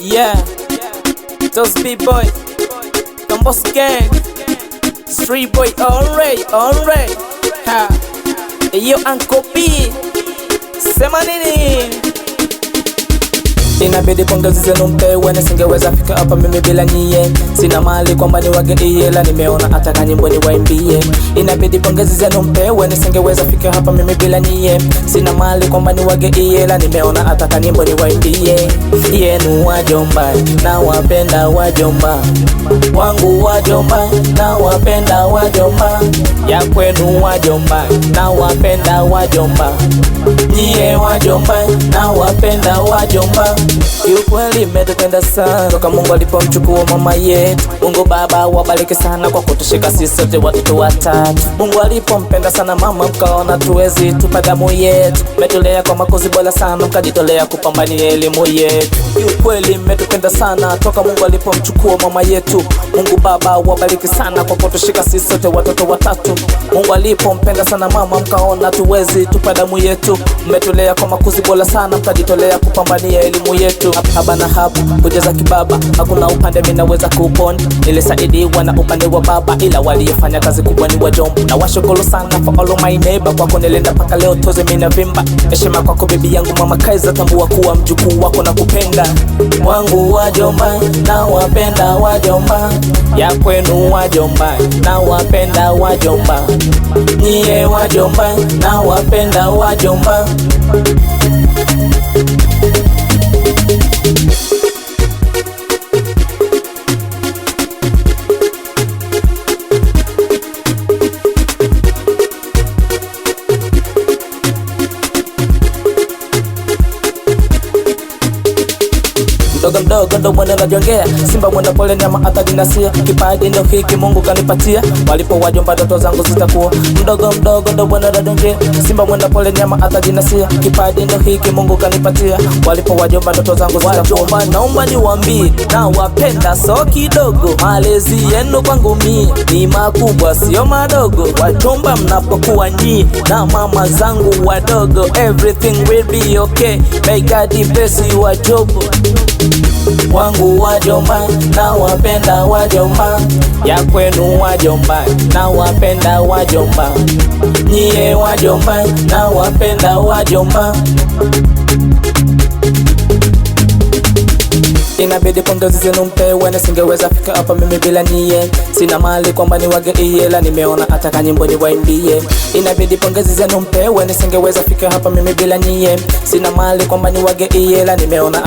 Yeah, those big boy, Combos Gang, Street Boy, alright, alright. Ha, yo, Uncle B, Semanini. inabidi pongezi zenu mpewe, nisingeweza fika hapa mimi bila nyie. Sina mali kwamba ni wageni, ila nimeona hata kanyimbo ni waimbie. Inabidi pongezi zenu mpewe, nisingeweza fika hapa mimi bila nyie. Sina mali kwamba ni wageni, ila nimeona hata kanyimbo ni waimbie. Yenu wajomba na wapenda wajomba wangu wajomba na wapenda wajomba ya kwenu wajomba na wapenda wajomba nyie wajomba na wapenda wajomba Kiukweli imetupenda sana toka Mungu alipomchukua mama yetu. Mungu Baba wabariki sana kwa kutushika sisi sote watoto watatu. Mungu alipompenda sana mama, mkaona tuwezi tupa damu yetu, metulea kwa makuzi bora sana, mkajitolea kupambania elimu yetu. Kiukweli imetupenda sana toka Mungu alipomchukua mama yetu. Mungu Baba wabariki sana kwa kutushika sisi sote watoto watatu. Mungu alipompenda sana mama, mkaona tuwezi tupa damu yetu, metulea kwa makuzi bora sana, mkajitolea kupambania elimu yetu yetu haba na haba za kibaba, hakuna upande minaweza kupona. Nilisaidiwa na upande wa baba, ila waliyefanya kazi kubwa ni wajomba. Na washukuru sana for all my neighbor, kwako nilinda paka leo toze minavimba. Heshima kwako bibi yangu mama Kaiza, tambua kuwa mjukuu wako na kupenda wangu wajomba, na wapenda wajomba ya kwenu wajomba, na wapenda wajomba, nyie wajomba, na wapenda wajomba mdogo mdogo ndo mwenendo najongea, simba mwana pole, nyama hata dinasia, kipaji ndo hiki Mungu kanipatia, walipo wajomba ndoto zangu zitakuwa. Mdogo mdogo ndo mwenendo najongea, simba mwana pole, nyama hata dinasia, kipaji ndo hiki Mungu kanipatia, walipo wajomba ndoto zangu zitakuwa. Naomba niwaambie na wapenda so kidogo, malezi yenu kwangu mie ni makubwa sio madogo, wajomba mnapokuwa nyie na mama zangu wadogo, everything will be okay, may God bless you wajobo wangu wajomba, na wapenda wajomba, ya kwenu wajomba, na wapenda wajomba, nyie wajomba, na wapenda wajomba. Inabidi pongezi zenu mpewe, na singeweza fika hapa mimi bila nie. Sina mali kwamba niwageie, la nimeona hata kanyimbo niwaimbie. Inabidi pongezi zenu mpewe, na singeweza fika hapa mimi bila nie. Sina mali kwamba niwageie, la nimeona